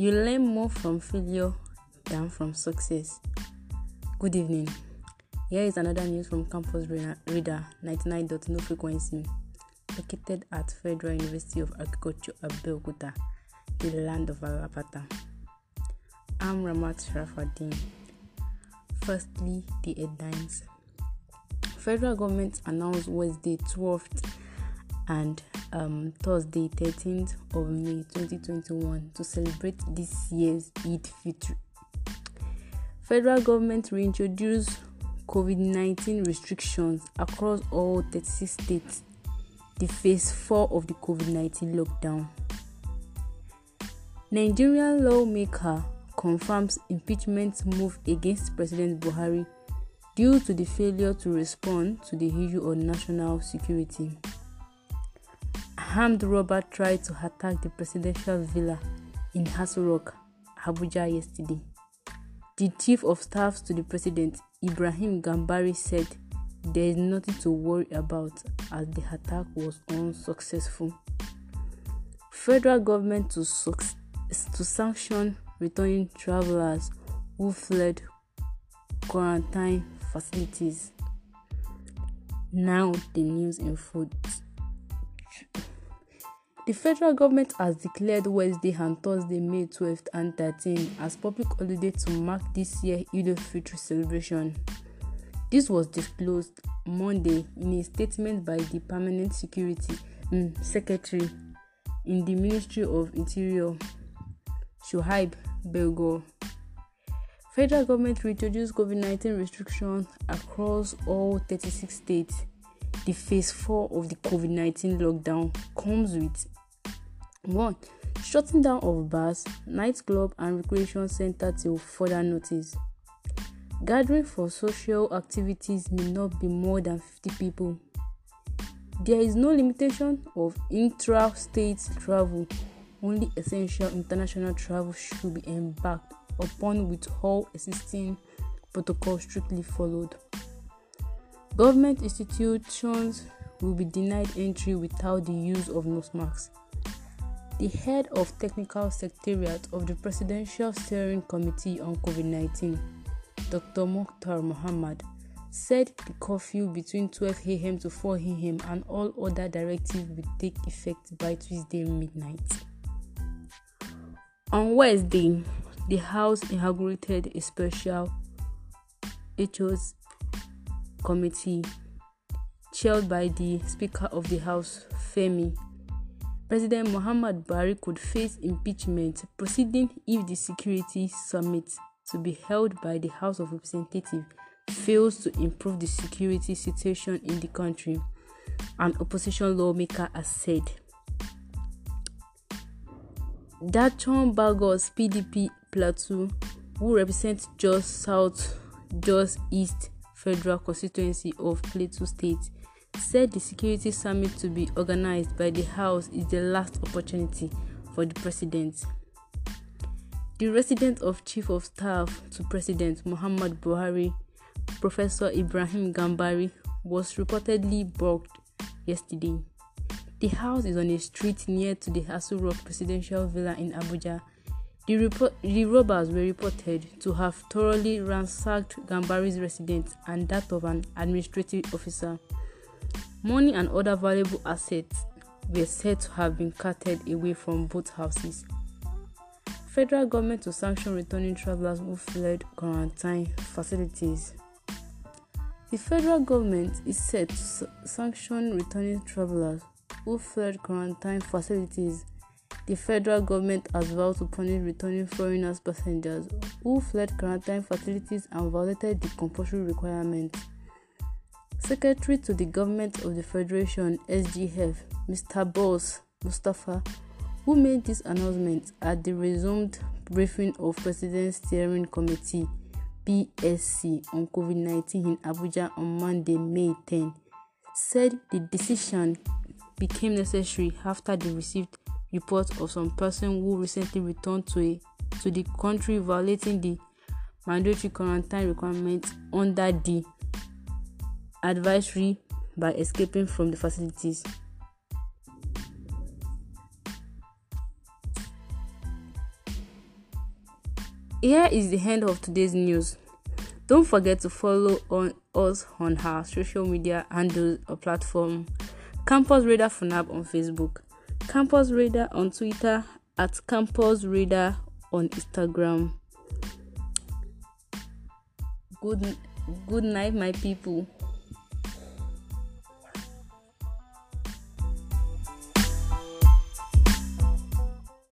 You learn more from failure than from success. Good evening. Here is another news from Campus Reader 99.no frequency, located at Federal University of Agriculture, Abeokuta, the land of Arapata. I'm Ramat Sharafaddin. Firstly, the headlines. Federal government announced Wednesday 12th and um, Thursday, 13th of May 2021, to celebrate this year's Eid Fitr. Federal government reintroduced COVID-19 restrictions across all 36 states. The phase 4 of the COVID-19 lockdown. Nigerian lawmaker confirms impeachment move against President Buhari due to the failure to respond to the issue on national security armed robber tried to attack the presidential villa in Hassel Rock, Abuja yesterday. The chief of staff to the president, Ibrahim Gambari, said there is nothing to worry about as the attack was unsuccessful. Federal government to, su- to sanction returning travelers who fled quarantine facilities. Now the news in food. The federal government has declared Wednesday and Thursday, May 12th and 13th, as public holiday to mark this year's Eid al-Fitr celebration. This was disclosed Monday in a statement by the Permanent Security um, Secretary in the Ministry of Interior, Shoaib Belgor. Federal government reintroduced COVID-19 restrictions across all 36 states. The phase 4 of the COVID-19 lockdown comes with 1. Shutting down of bars, nightclub, and recreation center till further notice. Gathering for social activities may not be more than 50 people. There is no limitation of intra state travel, only essential international travel should be embarked upon with all existing protocols strictly followed. Government institutions will be denied entry without the use of nose masks the head of Technical Secretariat of the Presidential Steering Committee on COVID 19, Dr. Mokhtar Mohammed, said the curfew between 12 a.m. to 4 a.m. and all other directives will take effect by Tuesday midnight. On Wednesday, the House inaugurated a special HOS committee chaired by the Speaker of the House, Femi President Muhammad Buhari could face impeachment proceeding if the Security Summit to be held by the House of Representatives fails to improve the security situation in the country, an opposition lawmaker has said. Dachon Bagos PDP Plateau, who represents just South, just East federal constituency of Plateau State, said the security summit to be organized by the House is the last opportunity for the president. The resident of Chief of Staff to President Muhammad Buhari, Professor Ibrahim Gambari, was reportedly burgled yesterday. The house is on a street near to the Hassu Rock Presidential Villa in Abuja. The, report, the robbers were reported to have thoroughly ransacked Gambari's residence and that of an administrative officer. Money and other valuable assets were said to have been carted away from both houses. Federal government to sanction returning travelers who fled quarantine facilities. The federal government is set to sanction returning travelers who fled quarantine facilities. The federal government has vowed to punish returning foreigners passengers who fled quarantine facilities and violated the compulsory requirements. Secretary to the Government of the Federation (SGF), Mr. Boss Mustafa, who made this announcement at the resumed briefing of President's Steering Committee (PSC) on COVID-19 in Abuja on Monday, May 10, said the decision became necessary after they received reports of some person who recently returned to a, to the country violating the mandatory quarantine requirements under the advisory by escaping from the facilities. Here is the end of today's news. Don't forget to follow on us on our social media handles or platform. Campus Radar Funab on Facebook, Campus Radar on Twitter, at Campus Radar on Instagram. Good good night, my people.